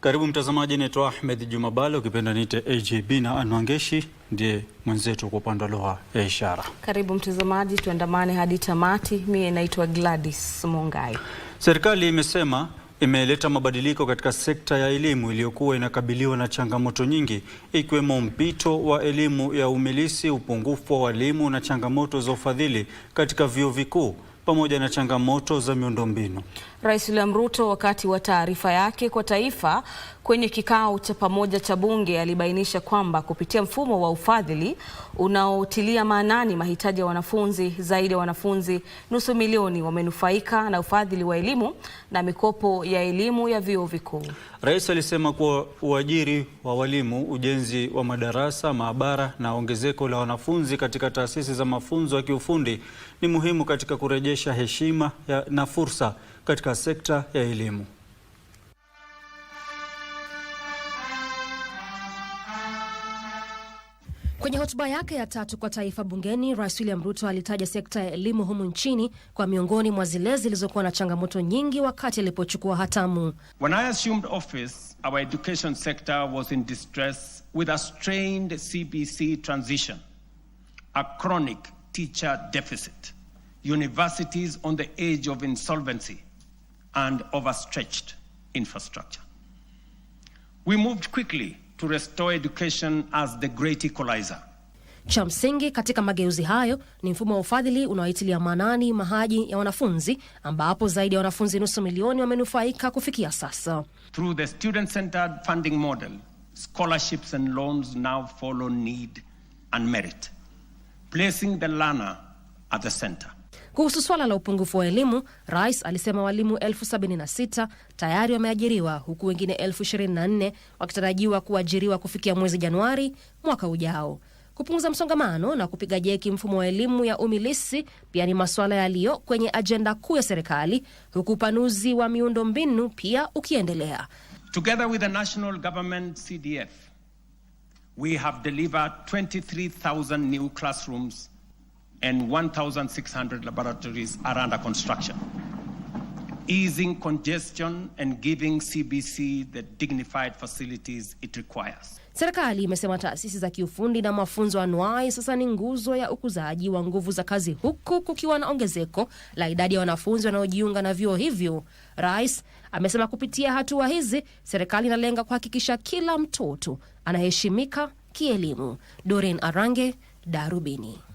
Karibu mtazamaji, naitwa Ahmed Jumabale, ukipenda niite AJB, na anwangeshi ndiye mwenzetu kwa upande wa lugha ya ishara. Karibu mtazamaji, tuandamane hadi tamati. Mie naitwa Gladys Mongai. Serikali imesema imeleta mabadiliko katika sekta ya elimu iliyokuwa inakabiliwa na changamoto nyingi ikiwemo mpito wa elimu ya umilisi, upungufu wa walimu na changamoto za ufadhili katika vyuo vikuu pamoja na changamoto za miundombinu. Rais William Ruto wakati wa taarifa yake kwa taifa kwenye kikao cha pamoja cha bunge alibainisha kwamba kupitia mfumo wa ufadhili unaotilia maanani mahitaji ya wanafunzi, zaidi ya wanafunzi nusu milioni wamenufaika na ufadhili wa elimu na mikopo ya elimu ya vyuo vikuu. Rais alisema kuwa uajiri wa walimu, ujenzi wa madarasa, maabara na ongezeko la wanafunzi katika taasisi za mafunzo ya kiufundi ni muhimu katika kurejesha heshima na fursa katika sekta ya elimu. Kwenye hotuba yake ya tatu kwa taifa bungeni, Rais William Ruto alitaja sekta ya elimu humu nchini kwa miongoni mwa zile zilizokuwa na changamoto nyingi wakati alipochukua hatamu. When I assumed office, our education sector was in distress with a strained CBC transition, a chronic teacher deficit, universities on the edge of insolvency and overstretched infrastructure. We moved quickly to restore education as the great equalizer. Cha msingi katika mageuzi hayo ni mfumo wa ufadhili unaoitilia maanani mahaji ya wanafunzi ambapo zaidi ya wanafunzi nusu milioni wamenufaika kufikia sasa. Through the student-centered funding model, scholarships and loans now follow need and merit, placing the learner at the center. Kuhusu swala la upungufu wa elimu, rais alisema walimu elfu 76 tayari wameajiriwa huku wengine elfu 24 wakitarajiwa kuajiriwa kufikia mwezi Januari mwaka ujao. Kupunguza msongamano na kupiga jeki mfumo wa elimu ya umilisi pia ni masuala yaliyo kwenye ajenda kuu ya serikali, huku upanuzi wa miundo mbinu pia ukiendelea. Together with the national government CDF, we have delivered 23,000 new classrooms and 1,600 laboratories are under construction, easing congestion and giving CBC the dignified facilities it requires. Serikali imesema taasisi za kiufundi na mafunzo anuai sasa ni nguzo ya ukuzaji wa nguvu za kazi huku kukiwa na ongezeko la idadi ya wanafunzi wanaojiunga na vyuo hivyo. Rais amesema kupitia hatua hizi serikali inalenga kuhakikisha kila mtoto anaheshimika kielimu. Doreen Arange, Darubini.